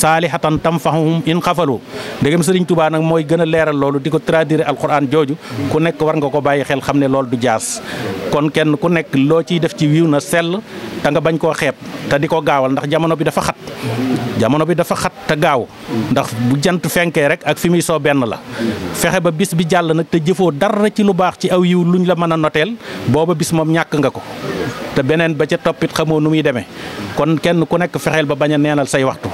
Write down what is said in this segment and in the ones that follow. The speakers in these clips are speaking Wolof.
salihatan tamfahum in xafalu ndegem Sëriñ Tuubaa nag mooy gën a leeral loolu di ko traduire alquran jooju ku nekk war nga ko bàyyi xel xam ne du jaas kon kenn ku nekk loo ciy def ci wiiw na sell te nga bañ koo xeeb te di ko gaawal ndax jamono bi dafa xat jamono bi dafa xat te gaaw ndax bu jant fenkee rek ak fi muy soo benn la fexe ba bis bi jàll nag te jëfoo dara ci lu ci aw yiw luñ la bis mom ñàkk nga ko te beneen ba ca toppit xamoo nu muy kon kenn ku ba neenal say waxtu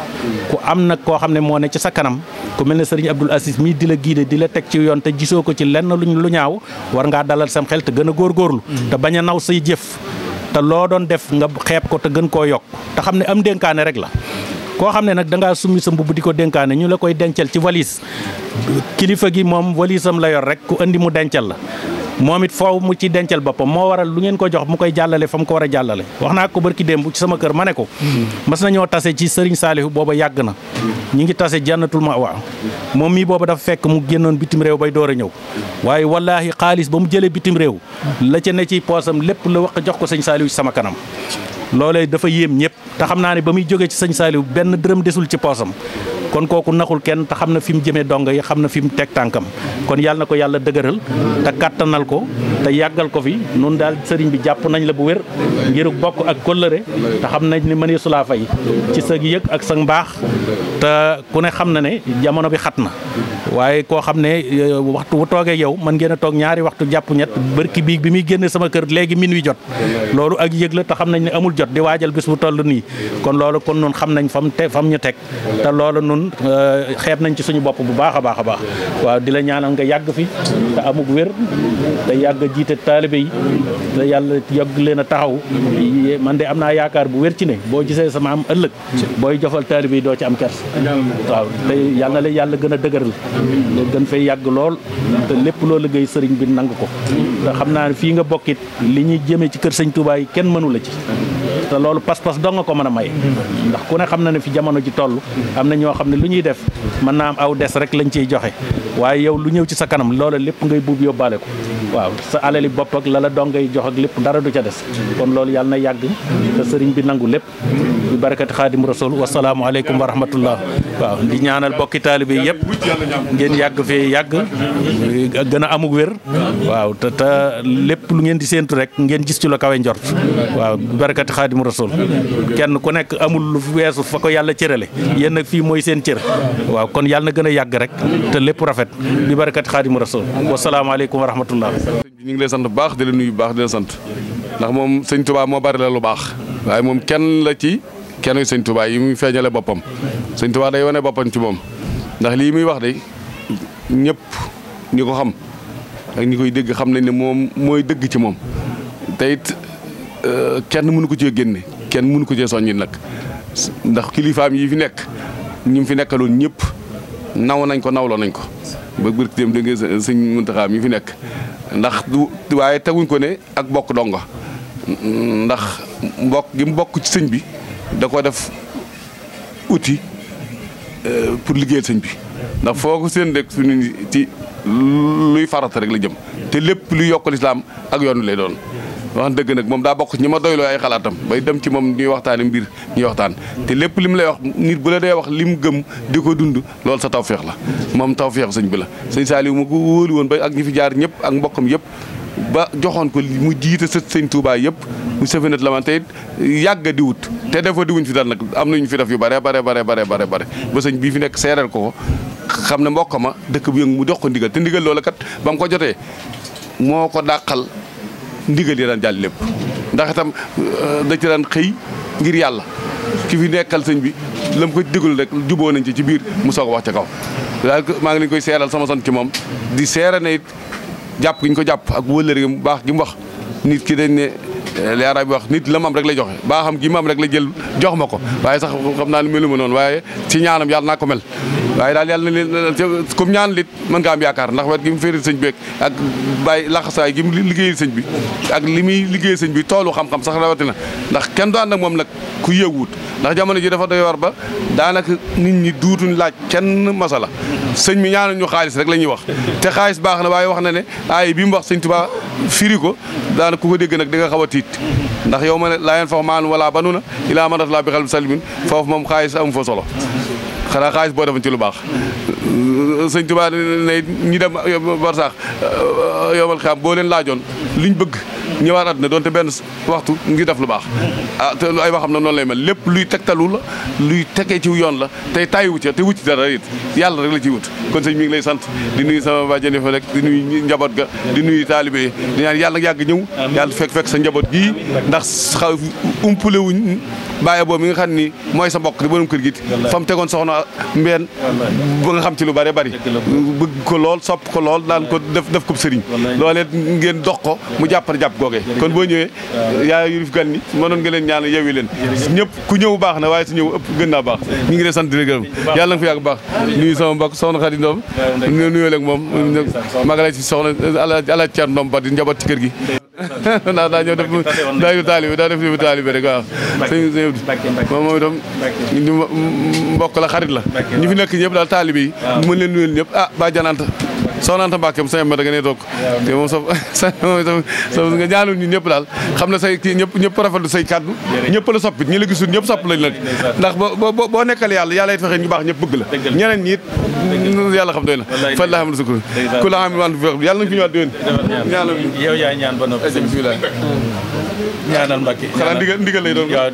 ku am nag koo xam ne moo ne ci sa kanam ku mel ne sëriñ Abdul Aziz mii di la guider di la teg ci yoon te gisoo ko ci lenn luñ lu ñaaw war ngaa dalal sam xel te gën a góorgóorlu. Mm. te bañ a naw say jëf te loo doon def nga xeep ko te gën koo yokk te xam ne am dénkaane rek la. koo xam ne nag danga ngaa summi sa mbubb di ko dénkaane ñu la koy dencal ci walis kilifa gi moom valisam la yor rek ku indi mu dencal la. moom it foofu mu ci dencal boppam moo waral lu ngeen ko jox mu koy jàllale fa mu ko war a jàllale wax naa ko barki démb ci sama kër ma ne ko mm. mas nañoo tase ci sëriñ saalihu booba yàgg na ñu ngi tase jannatul ma'wa moom mii booba dafa fekk mu génnoon bitim réew bay door a ñëw waaye wallaahi xaalis ba mu jëlee bitim réew la ca ne ci poosam lépp la wax jox ko sañ saaliw ci sama kanam loolee dafa yéem ñëpp te xam naa ne ba muy jógee ci sëñ saalihu benn dërëm desul ci poosam kon kooku naxul kenn te xam na fi mu jëmee dong yi xam na fi mu teg tànkam kon yàlla na ko yàlla dëgëral te kàttanal ko te yàggal ko fi nun daal sëriñ bi jàpp nañ la bu wér ngir bokk ak kóllëre ta xam nañ ni mënee sulaa fay ci sa yëg ak sa mbaax te ku ne xam na ne jamono bi xat na waaye koo xam ne euh, waxtu bu toogee yow man ngeen a toog ñaari waxtu jàpp ñett bërki bii bi muy génne sama kër léegi min wi jot loolu ak yëg la te xam nañ ne amul jot di waajal bis bu toll nii kon loolu nañ fam te fam ñu teg ñun euh, xeeb nañ ci suñu bopp bu baax a baax a baax waaw di la ñaanal nga yàgg fi te amug wér te yàgg a jiite taalibe yi te yàlla yogg leen a taxaw man de am naa yaakaar bu wér ci ne boo jisee sama am ëllëg booy jofal taalibe yi doo ci am kers waaw te yàlla la gën a dëgëral gën fay yàgg lool te lépp loo liggéey sëriñ bi nangu ko te xam naa ne fii nga bokkit li ñuy jëmee ci kër sëñ Touba kenn mënu la ci te loolu pas-pas doo nga ko mën a may ndax ku ne xam na ne fi jamono ji toll am na ñoo xam ne lu ñuy def mën naa am aw des rek lañ ciy joxe waaye yow lu ñëw ci sa kanam loola lépp ngay buub yóbbaale ko waaw sa alali bopp ak la la doo ngay jox ak lépp dara du ca des kon loolu yàlla na yàgg te sëriñ bi nangu lépp bi barakati xaadim rasul wasalaamu aleykum wa rahmatullah waaw di ñaanal bokki taalibe yëpp ngeen yàgg fee yàgg gën a amug wér waaw te lépp lu ngeen di séentu rek ngeen gis ci la kawe njort waaw barakati xaadimu rasul kenn ku nekk amul lu weesu fa ko yàlla cërale yéen nag fii mooy seen cër waaw kon yàlla gën a yàgg rek te lépp rafet bi barakati xaadimu rasul wasalaamaaleykum wa rahmatullah ñu ngi lay sant bu baax de la nuyu baax di la sant ndax moom sëñ Tuubaa moo bari la lu baax waaye moom kenn la ci kenn sëñ Touba yi muy feeñale boppam sëñ Touba day wane boppam ci moom ndax lii muy wax de ñëpp ñi ko xam ak ñi koy dégg xam nañ ni moom mooy dëgg ci moom te it euh, kenn mënu ko cee génne kenn mënu ko cee soññi nag ndax kilifaam yi fi nekk ñi fi nekkaloon ñëpp naw nañ ko nawloo nañ ko ba biir dem da nga sëñ Muntaxa fi nekk ndax du waaye teguñ ko ne ak bokk dongo ndax mbokk gi mu bokk ci sëñ bi da ko def outil euh, pour liggéeyal sëñ bi ndax foo ko seen su suñu ci luy farata rek la jëm te lépp luy yokk lislaam ak yoon lay doon wax dëgg nag moom daa bokk ñi ma doyloo ay xalaatam bay dem ci moom ñuy waxtaani mbir ñuy waxtaan te lépp li mu lay wax nit bu la dee wax li mu gëm di ko dund loolu sa taw tawfeex la moom taw tawfeexu sañ bi la sëñ Saaliw ma ko wóolu woon ba ak ñi fi jaar ñëpp ak mbokkam yëpp ba joxoon ko mu jiite sët sëñ Touba yëpp mu safinat la man te yàgg di wut te defoo di wuñ fi dal nag am nañu fi def yu bare bare bare bare bare ba sëñ bii fi nekk seereel ko ko xam ne mbokk ma dëkk bu yëngu mu jox ko ndigal te ndigal loola kat ba ko jotee moo ko dàqal ndigal yi daan jàll lépp ndax itam euh, da ci daan xëy ngir yàlla ki fi nekkal sëñ bi lam ko digul rek juboo nañ ci ci biir mu soog wax ca kaw daal maa ngi leen koy seeral sama sant ci moom di seera ne jàpp gi ko jàpp ak wëllëri gi baax gi mu wax nit ki dañ ne li arab bi wax nit la mam rek lay joxe baaxam gi mam rek la jël jox ma ko waaye sax xam naa ne melu ma noon waaye ci ñaanam yàlla naa ko mel waaye daal yàlla na leen comme ñaan lit mën nga am yaakaar ndax wet gi mu féeri sëñ bi ak bàyyi laxasaay gi mu liggéeyal sëñ bi ak li muy liggéeyal sëñ bi toolu xam-xam sax rawatina ndax kenn daan nag moom nag ku yëwut ndax jamono ji dafa doy war ba daanaka nit ñi duutuñ laaj kenn masala sëñ mi ñaanal ñu xaalis rek la ñuy wax te xaalis baax na waaye wax na ne aay bi mu wax sëñ Tuubaa firi ko daanaka ku ko dégg nag di nga xaw a tiit ndax yow ma ne laa yeen fax maan wala banuna ilaa man laa bi xel bi salimin foofu moom xaalis amu fa solo xanaa xaalis boo defoon ci lu baax sëñ Tuubaa ne ñi dem barsaax yomal xam boo leen laajoon liñ bëgg ñëwaat na doonte benn waxtu ngi def lu baax ah ay te xam waxam na noonu lay mel lépp luy tegtalu la luy tegee ci yoon la tey tàyyi wu ca te wut ci dara it yàlla rek la ciy wut kon sëñ mi ngi lay sant di nuyu sama bàjjen yi fa rek di nuyu njaboot ga di nuyu taalibe yi di yàlla yàgg ñëw yàlla fekk sa njaboot gii ndax xaw umpule wuñ bàyyi boobu mi nga xam ni mooy sa mbokk di borom kër gi it fa mu tegoon soxna mbeen ba nga xam ci lu bari bari bëgg ko lool sopp ko lool daan def def ko sëriñ loolee ngeen ko mu jàpp jàpp googee kon boo ñëwee yaa yurif gan ñi mënoon nga leen ñaanal yewi leen ñëpp ku ñëw baax na waaye su ñëw ëpp gën naa baax ñu ngi leen sant di la gërëm yàlla nga fi yàgg baax nuyu sama mbokk soxna Xadi Ndoom nuyoo leeg moom maa ngi lay si soxna Alaaji Ceer ba di njaboot ci kër gi ndax daa ñëw def daa yu taalibe daa def yëfu taalibe rek waaw sëñ sëñ moom moom mbokk la xarit la ñu fi nekk ñëpp daal taalibe yi mën leen nuyul ñëpp ah ba jananta soxna Anta Mbacke mu sañoon ma da nga nee toog te moom sa sa nga ñaanul ñun ñëpp daal xam na say kii ñëpp ñëpp rafetlu say kàddu ñëpp la soppit ñi la gisul ñëpp sopp lañ nag ndax boo boo nekkal yàlla yàlla it fexe ñu baax ñëpp bëgg la ñeneen ñi it yàlla xam doy na fa la xam na ku la am yàlla nañ fi ñëwaat déwén ñaanal yow yaa ñaan ba noppi bismillah ñaanal Mbacke. xanaa ndigal ndigal lay doon. waaw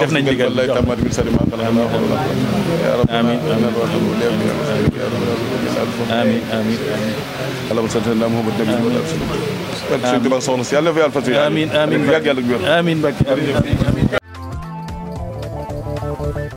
def nañ ndigal jox ko waaw amiin amiin amiin allahumma salli ala Muhammad nabi wa ala soxna si yàlla na fa yàlla fas yéene. amiin amiin Mbacke amiin Mbacke